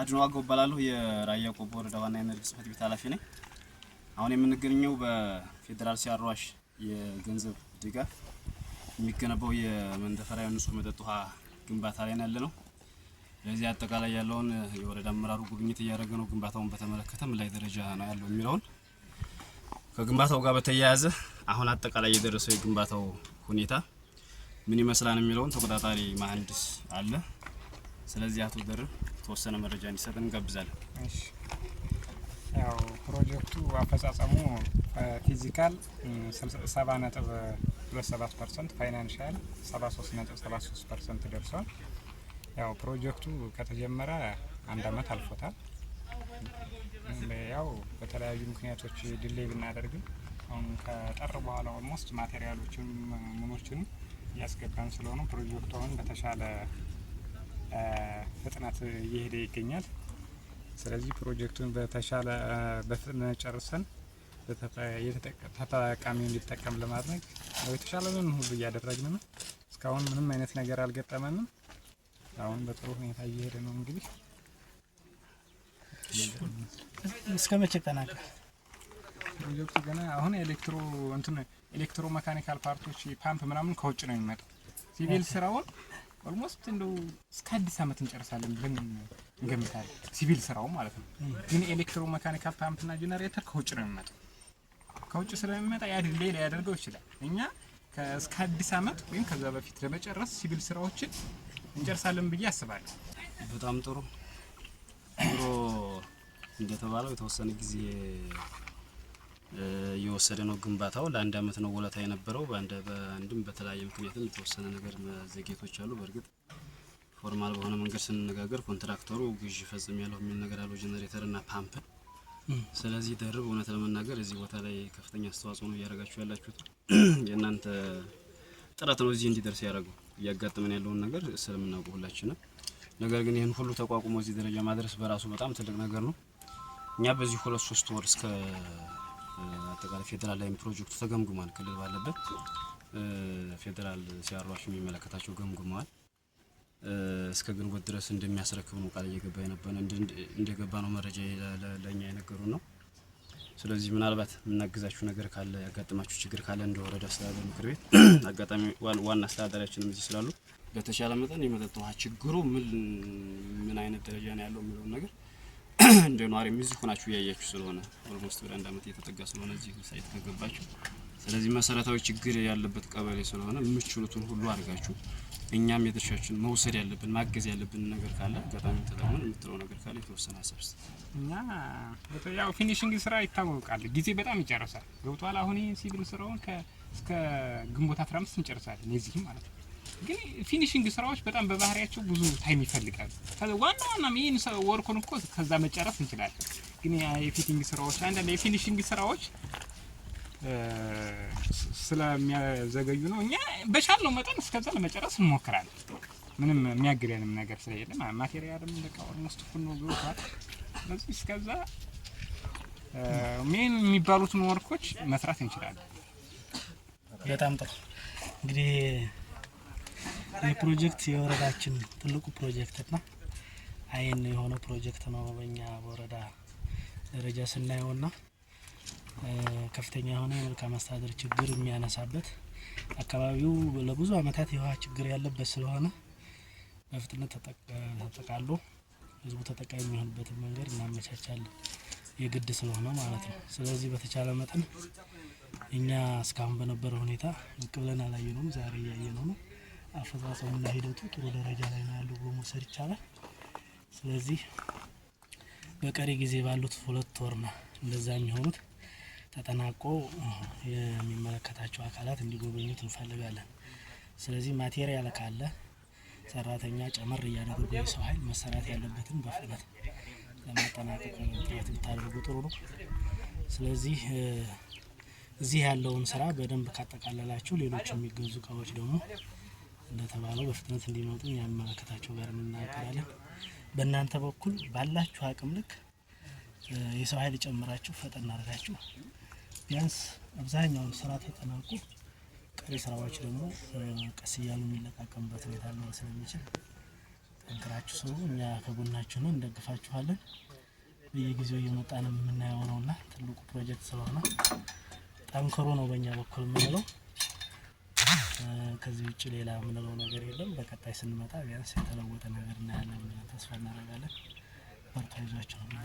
አድኖ ዋጋው እባላለሁ። የራያ ቆቦ ወረዳ ዋና የመድግ ጽህፈት ቤት ኃላፊ ነኝ። አሁን የምንገኘው በፌዴራል ሲያሯሽ የገንዘብ ድጋፍ የሚገነባው የመንደፈራዊ ንጹህ መጠጥ ውሃ ግንባታ ላይ ያለ ነው። ለዚህ አጠቃላይ ያለውን የወረዳ አመራሩ ጉብኝት እያደረገ ነው። ግንባታውን በተመለከተ ምን ላይ ደረጃ ነው ያለው የሚለውን ከግንባታው ጋር በተያያዘ አሁን አጠቃላይ የደረሰው የግንባታው ሁኔታ ምን ይመስላል የሚለውን ተቆጣጣሪ መሀንዲስ አለ ስለዚህ አቶ ደርብ የተወሰነ መረጃ እንዲሰጥ እንጋብዛለን። ያው ፕሮጀክቱ አፈጻጸሙ ፊዚካል 70.27 ፐርሰንት፣ ፋይናንሻል 73.73 ፐርሰንት ደርሷል። ያው ፕሮጀክቱ ከተጀመረ አንድ አመት አልፎታል። ያው በተለያዩ ምክንያቶች ድሌይ ብናደርግም አሁን ከጠር በኋላ ኦልሞስት ማቴሪያሎችን ምኖችን እያስገባን ስለሆነ ፕሮጀክቱ አሁን በተሻለ ፍጥነት እየሄደ ይገኛል። ስለዚህ ፕሮጀክቱን በተሻለ በፍጥነት ጨርሰን ተጠቃሚው እንዲጠቀም ለማድረግ የተሻለንን ሁሉ እያደረግን ነው። እስካሁን ምንም አይነት ነገር አልገጠመንም። አሁን በጥሩ ሁኔታ እየሄደ ነው። እንግዲህ እስከ መቼ ተናገ ፕሮጀክቱ? ገና አሁን ኤሌክትሮ እንትን ኤሌክትሮ ፓርቶች ፓምፕ ምናምን ከውጭ ነው የሚመጣው ሲቪል ስራውን ኦልሞስት እንደው እስከ አዲስ ዓመት እንጨርሳለን ብለን እንገምታለን። ሲቪል ስራው ማለት ነው። ግን ኤሌክትሮ መካኒካል ፓምፕና ጀነሬተር ከውጭ ነው የሚመጣው። ከውጭ ስለሚመጣ ያ ድሌ ሊያደርገው ይችላል። እኛ እስከ አዲስ ዓመት ወይም ከዛ በፊት ለመጨረስ ሲቪል ስራዎችን እንጨርሳለን ብዬ አስባለሁ። በጣም ጥሩ ጥሩ። እንደተባለው የተወሰነ ጊዜ የወሰደ ነው ግንባታው። ለአንድ አመት ነው ወለታ የነበረው። በአንድም በተለያየ ምክንያትም የተወሰነ ነገር መዘግየቶች አሉ። በእርግጥ ፎርማል በሆነ መንገድ ስንነጋገር ኮንትራክተሩ ግዥ ፈጽም ያለው የሚል ነገር አለው፣ ጀነሬተር እና ፓምፕ። ስለዚህ ደርብ እውነት ለመናገር እዚህ ቦታ ላይ ከፍተኛ አስተዋጽኦ ነው እያደረጋችሁ ያላችሁት። የእናንተ ጥረት ነው እዚህ እንዲደርስ ያደረገው። እያጋጥመን ያለውን ነገር ስለምናውቀው ሁላችንም። ነገር ግን ይህን ሁሉ ተቋቁሞ እዚህ ደረጃ ማድረስ በራሱ በጣም ትልቅ ነገር ነው። እኛ በዚህ ሁለት ሶስት ወር እስከ አጠቃላይ ፌዴራል ላይም ፕሮጀክቱ ተገምግሟል። ክልል ባለበት ፌዴራል ሲያሯሽ የሚመለከታቸው ገምግመዋል። እስከ ግንቦት ድረስ እንደሚያስረክብ ነው ቃል እየገባ የነበረ እንደገባ ነው መረጃ ለእኛ የነገሩ ነው። ስለዚህ ምናልባት የምናግዛችሁ ነገር ካለ ያጋጥማችሁ ችግር ካለ እንደ ወረዳ አስተዳደር ምክር ቤት አጋጣሚ ዋና አስተዳዳሪያችንም እዚህ ስላሉ በተሻለ መጠን የመጠጥ ውሃ ችግሩ ምን ምን አይነት ደረጃ ነው ያለው የሚለውን ነገር እንደ ነዋሪም እዚህ ሆናችሁ እያያችሁ ስለሆነ ኦልሞስት ወደ አንድ አመት እየተጠጋ ስለሆነ እዚህ ሳይት ከገባችሁ፣ ስለዚህ መሰረታዊ ችግር ያለበት ቀበሌ ስለሆነ የምችሉትን ሁሉ አድርጋችሁ እኛም የድርሻችን መውሰድ ያለብን ማገዝ ያለብን ነገር ካለ አጋጣሚ ተጠቅመን የምትለው ነገር ካለ የተወሰነ ሀሳብ ስጥ። እኛ ያው ፊኒሽንግ ስራ ይታወቃል፣ ጊዜ በጣም ይጨርሳል። ገብቷል። አሁን ሲቪል ስራውን እስከ ግንቦት አስራ አምስት እንጨርሳለን የዚህም ማለት ነው ግን ፊኒሽንግ ስራዎች በጣም በባህሪያቸው ብዙ ታይም ይፈልጋሉ። ዋና ዋና ይህን ወርኩን እኮ ከዛ መጨረስ እንችላለን። ግን የፊቲንግ ስራዎች አንዳንድ የፊኒሽንግ ስራዎች ስለሚያዘገዩ ነው። እኛ በቻለው መጠን እስከዛ ለመጨረስ እንሞክራለን። ምንም የሚያግደንም ነገር ስለሌለ ማቴሪያልም በቃ ኦልሞስት ፉኖ ብሏል። ስለዚህ እስከዛ ሜን የሚባሉትን ወርኮች መስራት እንችላለን። በጣም ጥሩ እንግዲህ የፕሮጀክት የወረዳችን ትልቁ ፕሮጀክት ና አይን የሆነው ፕሮጀክት ነው። በእኛ በወረዳ ደረጃ ስናየው ና ከፍተኛ የሆነ የመልካም አስተዳደር ችግር የሚያነሳበት አካባቢው ለብዙ አመታት የውሃ ችግር ያለበት ስለሆነ በፍጥነት ተጠቃሎ ህዝቡ ተጠቃሚ የሚሆንበትን መንገድ እናመቻቻለን የግድ ስለሆነ ማለት ነው። ስለዚህ በተቻለ መጠን እኛ እስካሁን በነበረ ሁኔታ ቅብለን አላየነውም፣ ዛሬ እያየነው ነው። አፈጻጸሙና ሂደቱ ጥሩ ደረጃ ላይ ነው ያለው ብሎ መውሰድ ይቻላል። ስለዚህ በቀሪ ጊዜ ባሉት ሁለት ወር ነው እንደዛ የሚሆኑት ተጠናቆ የሚመለከታቸው አካላት እንዲጎበኙት እንፈልጋለን። ስለዚህ ማቴሪያል ካለ ሰራተኛ ጨመር እያደረጉ የሰው ኃይል መሰራት ያለበትን በፍጥነት ለማጠናቀቅ ጥረት ብታደርጉ ጥሩ ነው። ስለዚህ እዚህ ያለውን ስራ በደንብ ካጠቃለላችሁ ሌሎች የሚገዙ እቃዎች ደግሞ እንደተባለው በፍጥነት እንዲመጡ የሚያመለከታቸው ጋር እንናገራለን። በእናንተ በኩል ባላችሁ አቅም ልክ የሰው ኃይል ጨምራችሁ ፈጠን አድርጋችሁ ቢያንስ አብዛኛውን ስራ ተጠናቁ፣ ቀሪ ስራዎች ደግሞ ቀስ እያሉ የሚለቃቀምበት ሁኔታ ሊኖር ስለሚችል ጠንክራችሁ ሰው እኛ ከጎናችሁ ነው፣ እንደግፋችኋለን። በየጊዜው እየመጣን የምናየው ነውና ትልቁ ፕሮጀክት ስለሆነ ጠንክሮ ነው በእኛ በኩል የምንለው። ከዚህ ውጭ ሌላ የምንለው ነገር የለም። በቀጣይ ስንመጣ ቢያንስ የተለወጠ ነገር እናያለን ብለን ተስፋ እናደርጋለን። በርቱ፣ አይዟችሁ ነው።